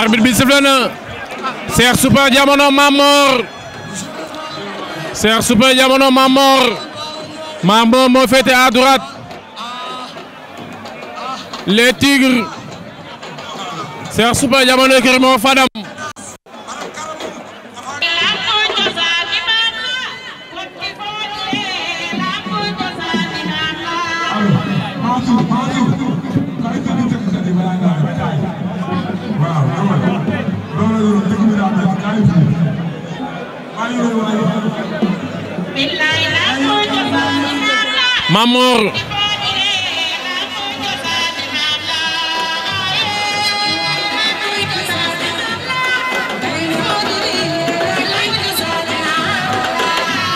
arbitre bi sifflé na Cheikh Super Diamono Mamor Cheikh moo féete à droite les tigres Super Diamono kër fadam Mamor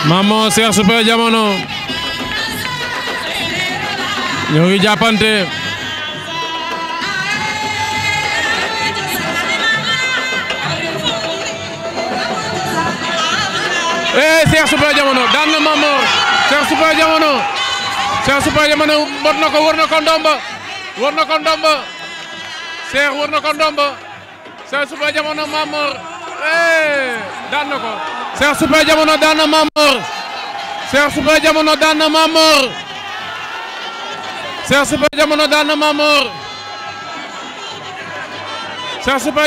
Mamor Cheikh Super Diamono ñoo ngi jàppante eh Cheikh Super Diamono daan na Mamor Cheikh Super Diamono Cheikh Super Diamano mot na ko wër na ko ndomba wër na ko ndomba Cheikh wër na ko eh, daan na ko Cheikh Super Diamano daan na Mamor Cheikh Super Diamano daan na Mamor Cheikh Super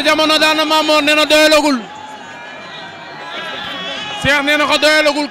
Diamano daan na Mamor